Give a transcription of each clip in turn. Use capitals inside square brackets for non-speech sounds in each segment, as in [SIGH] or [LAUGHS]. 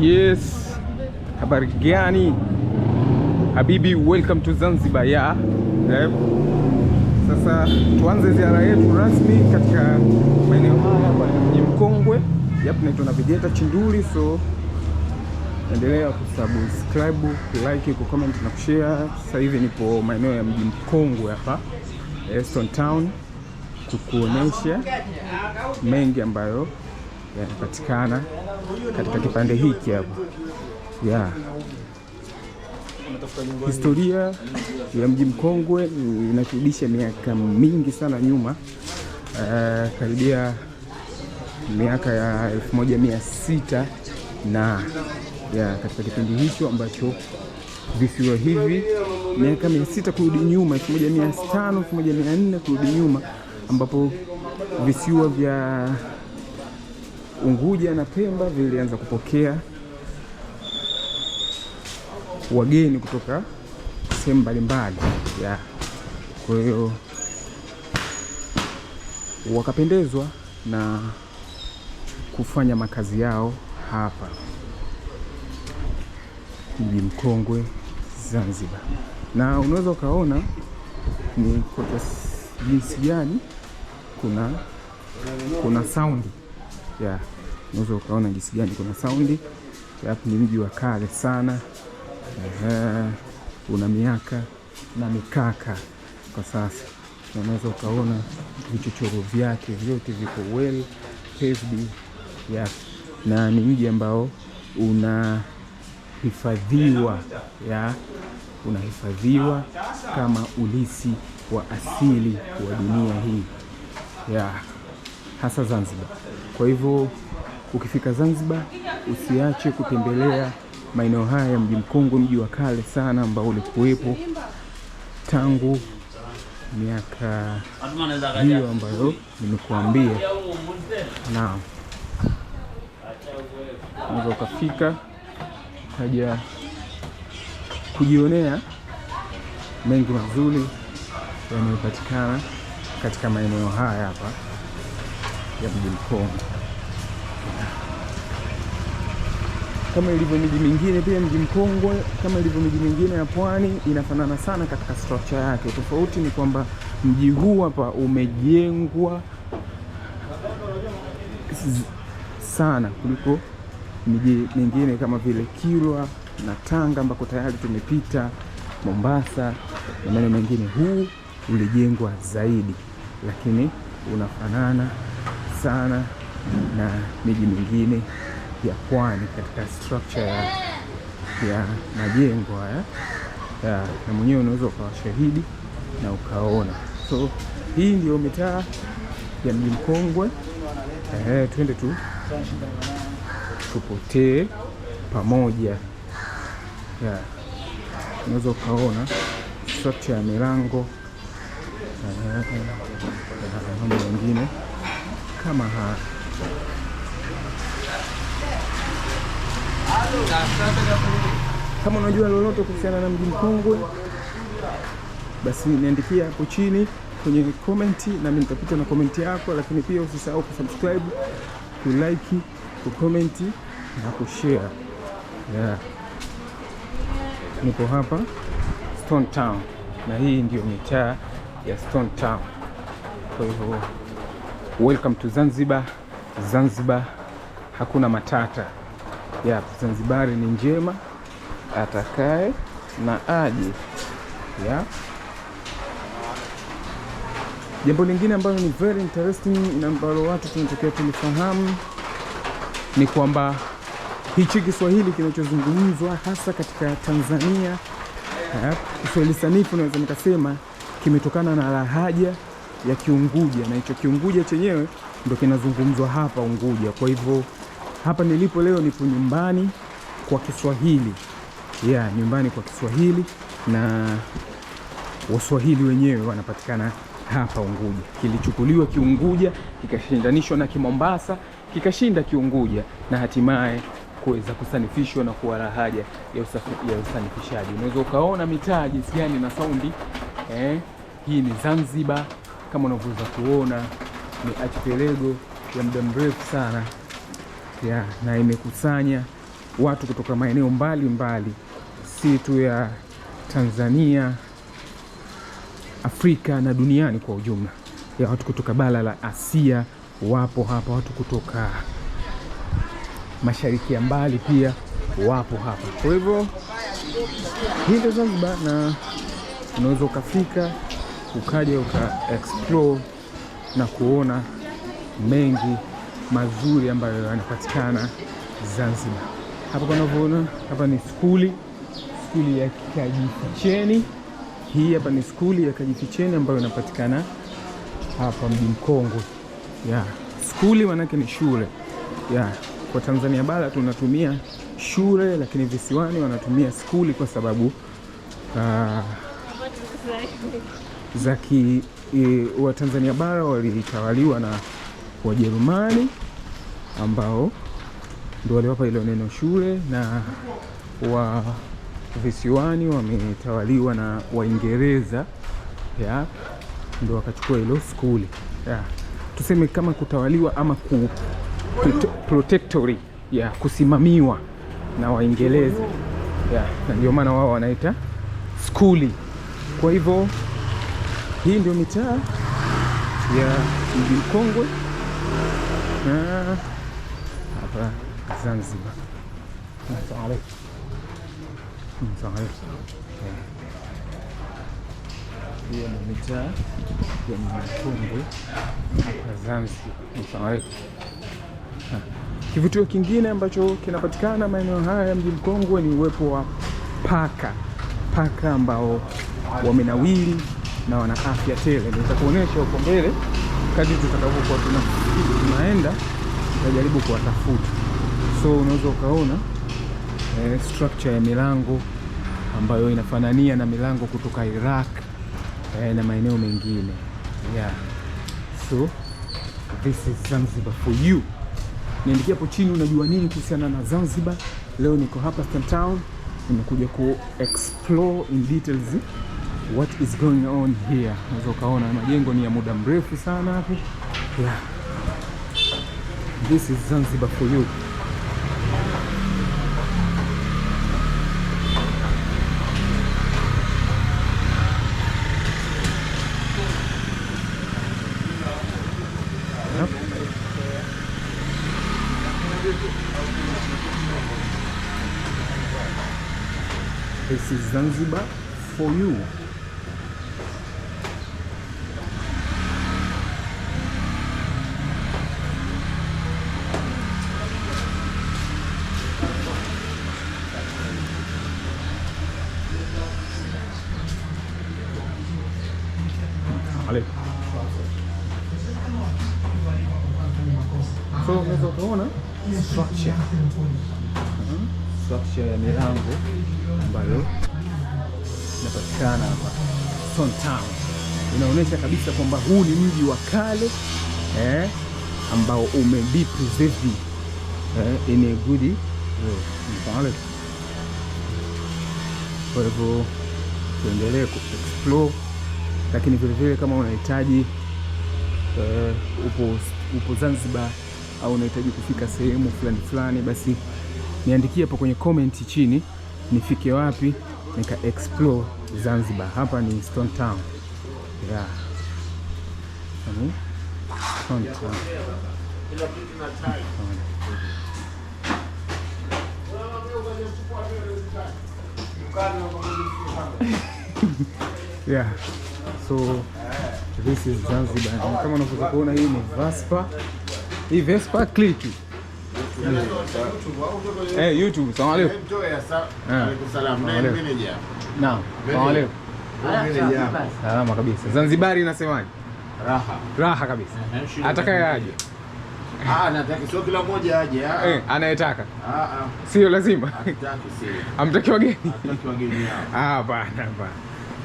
Yes, habari gani habibi, welcome to Zanzibar ya yeah. Eh. Sasa tuanze ziara yetu rasmi katika maeneo haya mji Mkongwe yapnaitwa Navigator Chinduli, so endelea kusubscribe, ku comment na kushare. Sasa hivi nipo maeneo ya mji mkongwe hapa eh, Stone Town kukuonesha mengi ambayo yanapatikana katika kipande hiki hapa ya Historia ya mji mkongwe inakirudisha miaka mingi sana nyuma, uh, karibia miaka ya elfu moja mia sita na ya katika kipindi hicho ambacho visiwa hivi miaka mia sita kurudi nyuma, elfu moja mia tano elfu moja mia nne kurudi nyuma, ambapo visiwa vya Unguja na Pemba vilianza kupokea wageni kutoka sehemu mbalimbali ya kwa hiyo wakapendezwa na kufanya makazi yao hapa mji mkongwe Zanzibar, na unaweza ukaona ni kwa jinsi gani kuna kuna saundi ya yeah unaweza ukaona jinsi gani kuna saundi. Ni mji wa kale sana. Ehe, una miaka na mikaka kwa sasa, unaweza ukaona vichochoro vyake vyote viko well paved yeah. Na ni mji ambao unahifadhiwa yeah. Unahifadhiwa kama ulisi wa asili wa dunia hii yeah. Hasa Zanzibar, kwa hivyo Ukifika Zanzibar usiache kutembelea maeneo haya ya Mji Mkongwe, mji wa kale sana ambao ulikuwepo tangu miaka hiyo ambayo nimekuambia. Naam, unaweza ukafika ukaja kujionea mengi mazuri yanayopatikana katika maeneo haya hapa ya Mji Mkongwe kama ilivyo miji mingine pia, mji mkongwe kama ilivyo miji mingine ya pwani inafanana sana katika structure yake. Tofauti ni kwamba mji huu hapa umejengwa sana kuliko miji mingine kama vile Kilwa na Tanga ambako tayari tumepita, Mombasa na maeneo mengine. Huu ulijengwa zaidi, lakini unafanana sana na miji mingine ya pwani katika structure ya, ya majengo haya ya, na mwenyewe unaweza ukawa shahidi na ukaona. So hii ndio mitaa ya mji mkongwe. Eh, twende tu tupotee pamoja ya, unaweza ukaona structure ya milango na mambo mengine kama haya. Kama unajua lolote kuhusiana na Mji Mkongwe, basi niandikia hapo chini kwenye komenti, nami nitapita na komenti yako. Lakini pia usisahau kusubscribe, kulike, kukomenti na kushare. Yeah. Niko hapa Stone Town na hii ndio mitaa ya Stone Town. Kwa hivyo welcome to Zanzibar. Zanzibar hakuna matata ya Zanzibari ni njema, atakae na aje ya jambo lingine ambalo ni very interesting na ambalo watu tunatakiwa tulifahamu ni kwamba hichi Kiswahili kinachozungumzwa hasa katika Tanzania, eh, Kiswahili sanifu naweza nikasema kimetokana na lahaja ya Kiunguja, na hicho Kiunguja chenyewe ndo kinazungumzwa hapa Unguja. Kwa hivyo hapa nilipo leo nipo nyumbani kwa Kiswahili ya yeah, nyumbani kwa Kiswahili na Waswahili wenyewe wanapatikana hapa Unguja. Kilichukuliwa Kiunguja kikashindanishwa na Kimombasa kikashinda Kiunguja na hatimaye kuweza kusanifishwa na kuwa lahaja ya, ya usanifishaji. Unaweza ukaona mitaa jinsi gani na saundi eh. Hii ni Zanzibar kama unavyoweza kuona ni archipelago ya muda mrefu sana ya, na imekusanya watu kutoka maeneo mbalimbali si tu ya Tanzania, Afrika na duniani kwa ujumla. Ya watu kutoka bara la Asia wapo hapa, watu kutoka mashariki ya mbali pia wapo hapa. Kwa hivyo hii ndio Zanzibar, na unaweza ukafika ukaja uka explore na kuona mengi mazuri ambayo yanapatikana Zanzibar. Hapa panavyoona hapa ni skuli, skuli ya Kajificheni. Hii hapa ni skuli ya Kajificheni ambayo inapatikana hapa mji mkongwe yeah. Skuli manake ni shule yeah. Kwa Tanzania bara tunatumia shule, lakini visiwani wanatumia skuli kwa sababu uh, za ki E, Watanzania bara walitawaliwa na Wajerumani ambao ndio waliwapa ile neno shule, na wa visiwani wametawaliwa na Waingereza ndio wakachukua hilo skuli. Tuseme kama kutawaliwa ama ku, protectory ya kusimamiwa na Waingereza, na ndio maana wao wanaita skuli. Kwa hivyo hii ndio mitaa ya mji mkongwe hapa Zanzibar. Hiyo ni mitaa ya mji mkongwe hapa Zanzibar. Kivutio kingine ambacho kinapatikana maeneo haya ya mji mkongwe ni uwepo wa paka, paka ambao wamenawili na wana afya tele. nitakuonesha huko mbele kadri tutakavyokuwa tunaenda, tutajaribu kuwatafuta. So unaweza ukaona eh, structure ya milango ambayo inafanania na milango kutoka Iraq eh, na maeneo mengine yeah. So this is Zanzibar for you. Niandikia hapo chini unajua nini kuhusiana na Zanzibar. Leo niko hapa Stone Town, nimekuja ku explore in details what is going on here. Unaweza ukaona majengo ni ya muda mrefu sana hapo. Yeah. This is Zanzibar for you. This is Zanzibar for you. structure mhm. structure ya milango ambayo inapatikana hapa Stone Town, inaonyesha kabisa kwamba huu ni mji wa kale eh, ambao umebi eh, in a good way. Eh, kwa hivyo tuendelee ku explore, lakini vilevile kama unahitaji eh, upo, upo Zanzibar au unahitaji kufika sehemu fulani fulani, basi niandikie hapo kwenye comment chini, nifike wapi nika explore Zanzibar. Hapa ni Stone Town. Yeah. Yaani, Stone Town. [LAUGHS] Yeah. So this is Zanzibar. Kama kuona hii ni Vaspa hii Vespa click. Eh, eh YouTube. Salamu alaykum. Ah. Naam. Salamu alaykum. Salama kabisa. Zanzibari inasemaje? Raha. Raha kabisa. Eh, eh, Atakaye aje. Ah, nataka sio kila mmoja aje. Ah. Eh, anayetaka. Ah ah. Sio lazima. Amtaki wageni. Amtaki wageni hao. Ah, bana ah, bana.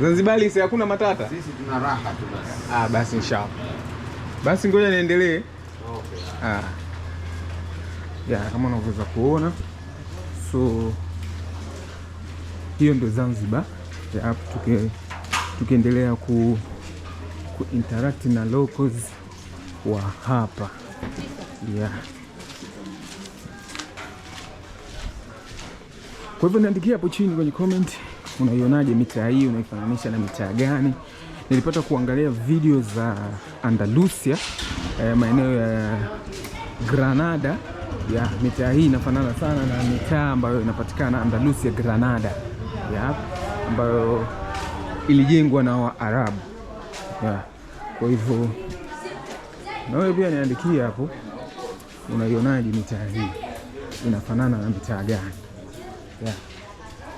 Zanzibari si hakuna matata. Sisi tuna raha tu basi. Ah, basi inshallah. Basi ngoja niendelee okay. Ah. Ya, kama unavyoweza kuona so hiyo ndio Zanzibar. Yeah, tukiendelea ku, ku interact na locals wa hapa yeah. Kwa hivyo niandikia hapo chini kwenye comment, unaionaje mitaa hii, unaifananisha na mitaa gani? Nilipata kuangalia video za Andalusia eh, maeneo ya Granada ya mitaa hii inafanana sana na mitaa ambayo inapatikana Andalusia Granada ya ambayo ilijengwa na Waarabu ya. Kwa hivyo wewe pia niandikie hapo, unaionaje mitaa hii inafanana na mitaa gani ya,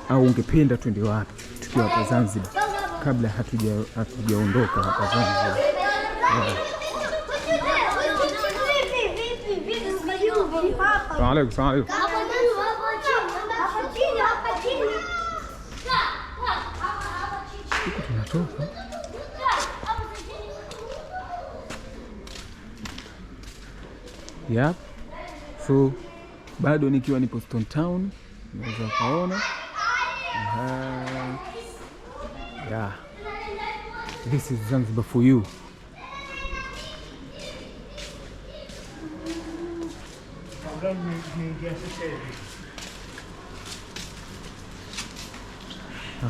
au ungependa twende wapi tukiwa hapa Zanzibar kabla hatujaondoka hatuja hapa Zanzibar ya. السلام عليكم السلام عليكم Tunatoka so bado nikiwa ni poston Town, naweza ukaona yeah. This is Zanzibar for you.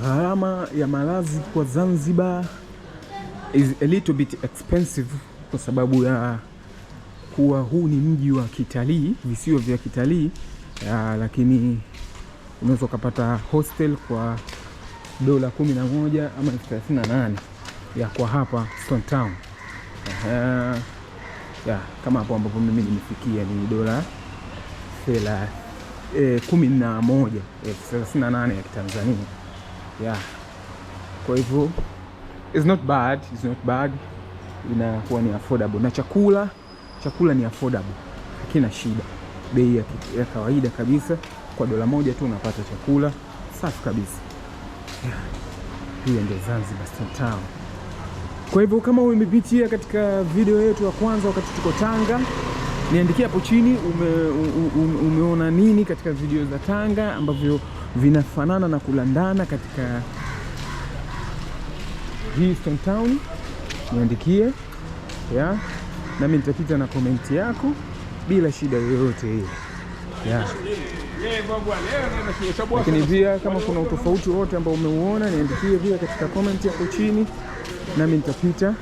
Gharama ya malazi kwa Zanzibar is a little bit expensive kwa sababu ya kuwa huu ni mji wa kitalii, visiwa vya kitalii, lakini unaweza ukapata hostel kwa dola 11 ama 38 ya kwa hapa Stone Town. Uh, ya, kama hapo ambapo mimi nimefikia ni dola thela e, eh, kumi na moja elfu eh, thelathini na nane ya Kitanzania yeah. Kwa hivyo it's not bad, it's not bad, inakuwa ni affordable na chakula chakula ni affordable, hakina shida, bei ya kawaida kabisa. Kwa dola moja tu unapata chakula safi kabisa yeah. Hiyo ndio Zanzibar Stone Town. Kwa hivyo kama umepitia katika video yetu ya kwanza wakati tuko Tanga Niandikia hapo chini ume, ume, umeona nini katika video za Tanga ambavyo vinafanana na kulandana katika hii Stone Town. Niandikie ya nami nitapita na komenti yako bila shida yoyote ile yeah. Lakini pia kama kuna utofauti wote ambao umeuona niandikie pia katika komenti hapo chini, nami nitapita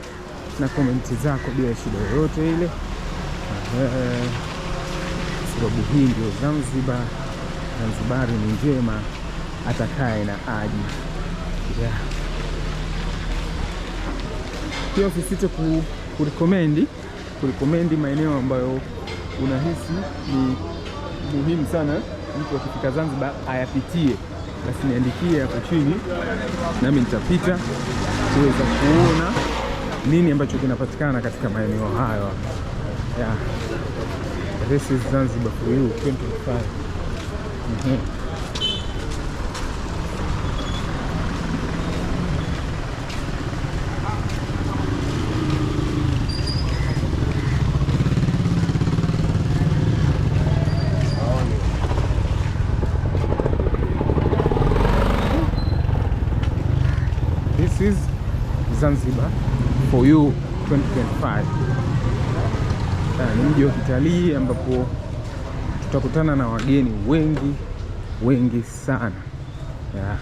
na komenti zako bila shida yoyote ile. Eh, sababu hii ndio Zanzibar. Zanzibari ni njema, atakaye na aji yeah. Pia usisite ku, kurikomendi maeneo ambayo unahisi ni muhimu sana mtu akifika Zanzibar ayapitie, basi niandikie hapo chini, nami nitapita kuweza kuona nini ambacho kinapatikana katika maeneo hayo. Yeah. This is Zanzibar for you, 2025. Mm -hmm. This is Zanzibar for you 2025. Ah, ni mji wa kitalii ambapo tutakutana na wageni wengi wengi sana yeah.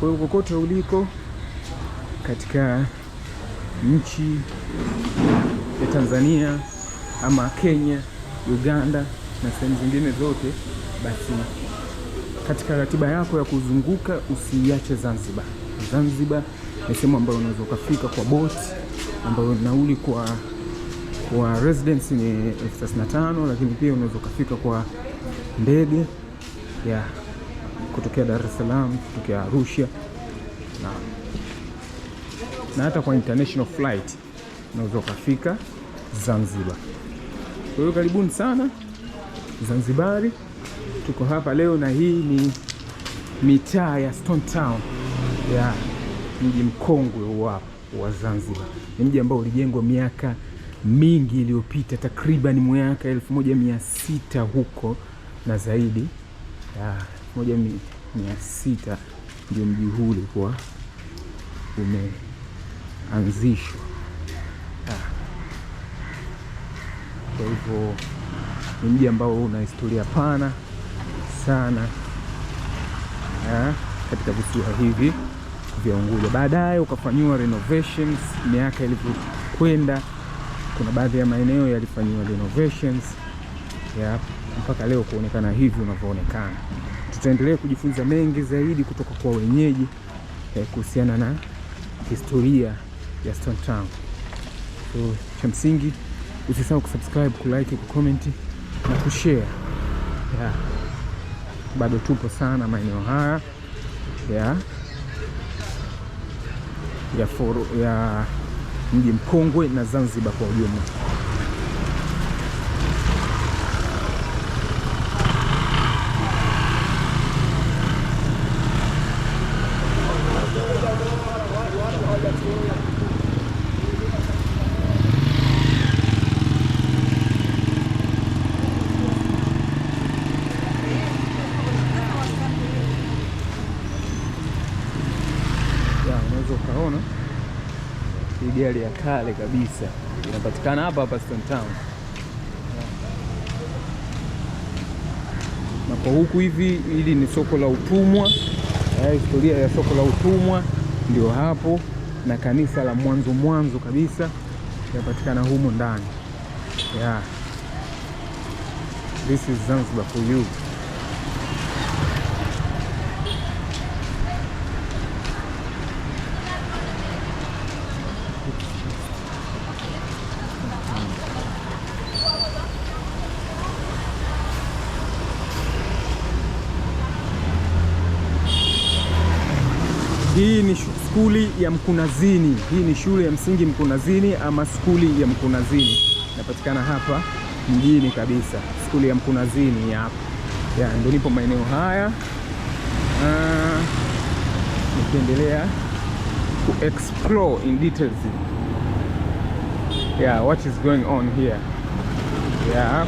Kwa hiyo kokote uliko katika nchi ya Tanzania ama Kenya, Uganda na sehemu zingine zote, basi katika ratiba yako ya kuzunguka usiiache Zanzibar. Zanzibar ni sehemu ambayo unaweza ukafika kwa bot ambayo nauli kwa kwa residence ni elfu 35 lakini pia unaweza ukafika kwa ndege ya kutokea Dar es Salaam kutokea Arusha na, na hata kwa international flight unaweza ukafika Zanzibar. Kwa hiyo karibuni sana Zanzibari, tuko hapa leo na hii ni mitaa ya Stone Town yeah mji mkongwe wa, wa Zanzibar. Ni mji ambao ulijengwa miaka mingi iliyopita takriban miaka elfu moja mia sita huko na zaidi ah, elfu moja mia sita ndio mji huu ulikuwa umeanzishwa. Ah. Kwa hivyo ni mji ambao una historia pana sana ha, ah, katika visiwa hivi vya Unguja, baadaye ukafanyiwa renovations miaka ilivyokwenda. Kuna baadhi ya maeneo yalifanyiwa renovations ya mpaka leo kuonekana hivi unavyoonekana. Tutaendelea kujifunza mengi zaidi kutoka kwa wenyeji eh, kuhusiana na historia ya Stone Town. So cha msingi usisahau kusubscribe, kulike, kucomment na kushare yeah. Bado tupo sana maeneo haya yeah ya, ya mji mkongwe na Zanzibar kwa ujumla. gari ya kale kabisa inapatikana hapa hapa Stone Town. Na kwa huku hivi, hili ni soko la utumwa. Eh, historia ya soko la utumwa ndio hapo, na kanisa la mwanzo mwanzo kabisa inapatikana humo ndani. Yeah. This is Zanzibar for you. Hii ni skuli ya Mkunazini. Hii ni shule ya msingi Mkunazini ama skuli ya Mkunazini, inapatikana hapa mjini kabisa. Skuli ya Mkunazini hapa ya, ndio nipo maeneo haya. nikiendelea ku explore in details yeah, what is going on here yeah.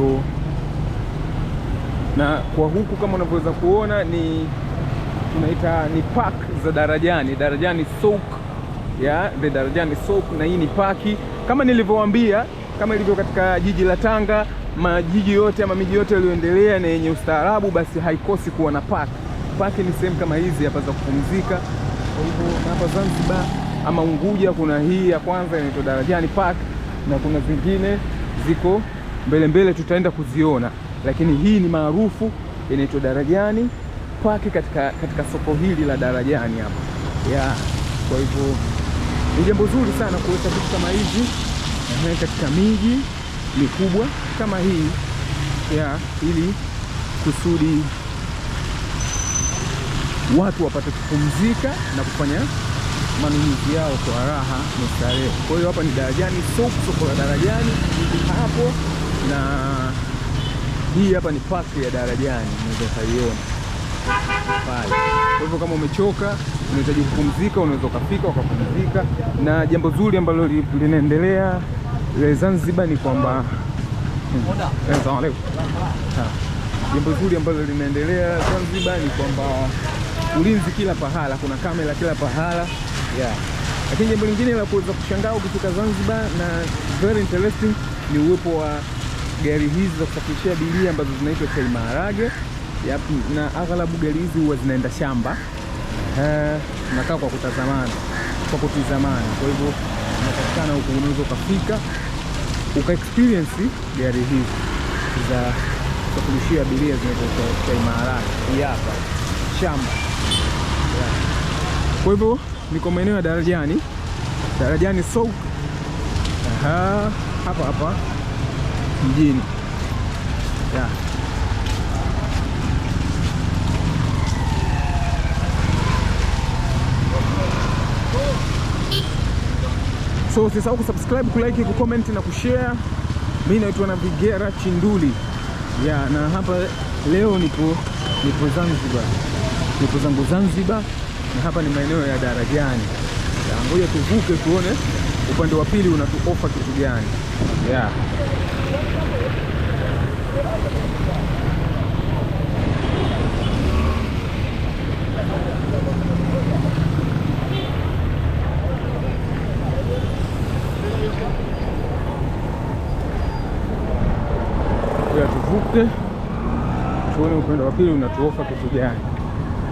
moto. Na kwa huku kama unavyoweza kuona ni tunaita ni park za Darajani, Darajani Souk ya the Darajani Souk, na hii ni paki kama nilivyowaambia, kama ilivyo katika jiji la Tanga, majiji yote ama miji yote yaliyoendelea na yenye ustaarabu, basi haikosi kuwa na park. Park ni sehemu kama hizi hapa za kupumzika. Kwa hivyo hapa Zanzibar ama Unguja kuna hii ya kwanza inaitwa Darajani Park na kuna zingine ziko mbele mbele tutaenda kuziona, lakini hii ni maarufu, inaitwa Darajani kwake katika, katika soko hili la Darajani hapa yeah. Kwa hivyo ni jambo zuri sana kuweka vitu kama hivi katika miji mikubwa kama hii yeah, ili kusudi watu wapate kupumzika na kufanya manunuzi yao kwa raha na starehe. Kwa hiyo hapa ni Darajani soko, soko la Darajani hapo na hii hapa ni pasi ya Darajani, unaweza kaiona pale. Kwa hivyo kama umechoka, unahitaji kupumzika, unaweza ukafika ukapumzika. Na jambo zuri ambalo linaendelea eh, Zanzibar ni kwamba eh, Jambo zuri ambalo linaendelea Zanzibar ni kwamba ulinzi kila pahala, kuna kamera kila pahala yeah. Lakini jambo lingine la kuweza kushangaa ukifika Zanzibar na very interesting ni uwepo wa gari hizi za kusafirishia abiria ambazo zinaitwa chai maharage, na aghalabu gari hizi huwa zinaenda shamba eh, nakaa kwa kutazamana, kwa kutizamana. Kwa hivyo unapatikana huku, unaweza ukafika uka experience gari hizi za kusafirishia abiria zinaitwa chai maharage. hapa shamba yeah. Kwa hivyo niko maeneo ya Darajani, Darajani Aha, hapa hapa mjini yeah. So usisahau kusubscribe, kulike, kucomment na kushare. mi naitwa vigera Chinduli yeah, na hapa leo nipo nipo Zanzibar, nipo zangu Zanzibar na hapa ni maeneo ya Darajani. Ngoja tuvuke tuone upande wa pili unatuofa kitu gani? yeah ya tuvuke tuone upande wa pili unatuofa kitu gani.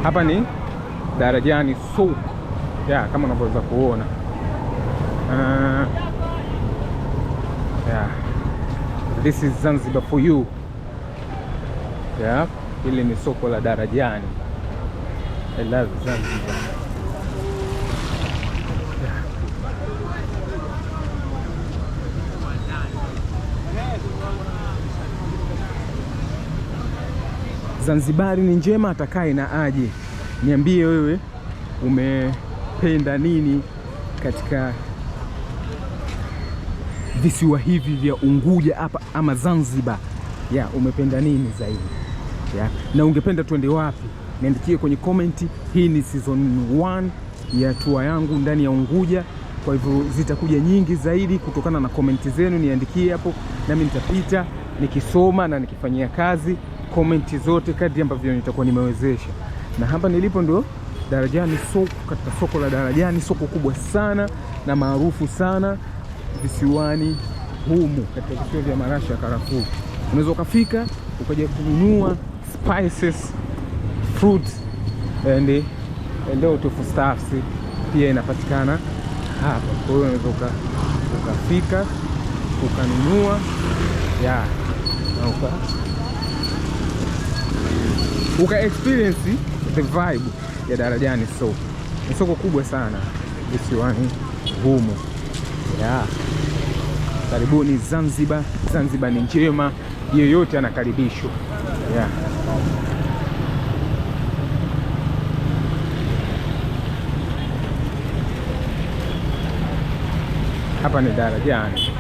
Hapa ni Darajani Souk ya kama unavyoweza kuona uh, ya This is Zanzibar for you. Yeah, hili ni soko la Darajani. I love Zanzibar. Zanzibari ni njema, atakaye na aje. Niambie wewe umependa nini katika visiwa hivi vya Unguja hapa ama Zanzibar ya umependa nini zaidi ya, na ungependa tuende wapi? Niandikie kwenye komenti. Hii ni season 1 ya tour yangu ndani ya Unguja, kwa hivyo zitakuja nyingi zaidi kutokana na komenti zenu. Niandikie hapo, nami nitapita nikisoma na nikifanyia kazi komenti zote kadri ambavyo nitakuwa nimewezesha. Na hapa nilipo ndio Darajani soko, katika soko la Darajani, soko kubwa sana na maarufu sana visiwani humu katika visiwa vya marashi ya karafuu. Unaweza ukafika ukaja kununua spices, fruit and lot of stuffs pia inapatikana hapa. Kwa hiyo unaweza ukafika ukanunua ya yeah, uka uka experience the vibe ya Darajani So Ni soko kubwa sana visiwani humu yeah. Karibuni Zanzibar. Zanzibar ni njema, yeyote anakaribishwa yeah. Hapa ni darajani.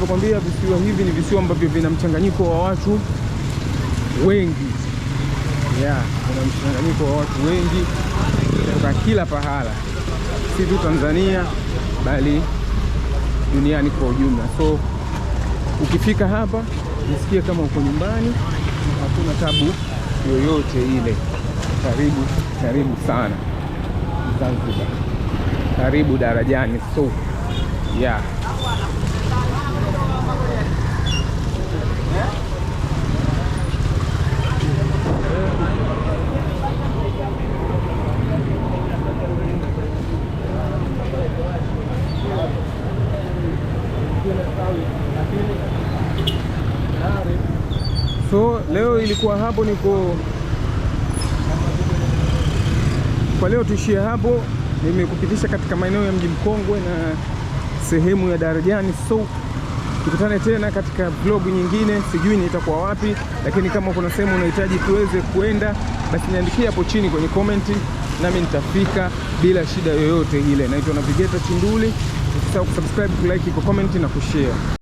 nilivyokwambia, visiwa hivi ni visiwa ambavyo vina mchanganyiko wa watu wengi ya kuna mchanganyiko wa watu wengi kutoka kila pahala, si tu Tanzania bali duniani kwa ujumla. So ukifika hapa jisikie kama uko nyumbani, hakuna tabu yoyote ile. Karibu, karibu sana Zanzibar, karibu Darajani. So yeah. So leo ilikuwa hapo, niko kwa leo tuishie hapo. Nimekupitisha katika maeneo ya mji mkongwe na sehemu ya Darajani. So tukutane tena katika vlog nyingine, sijui nitakuwa wapi, lakini kama kuna sehemu unahitaji tuweze kuenda, basi niandikie hapo chini kwenye komenti, nami nitafika bila shida yoyote ile. Naitwa Navigator Chinduli, usisahau kusubscribe, kulike, kucomment na kushare.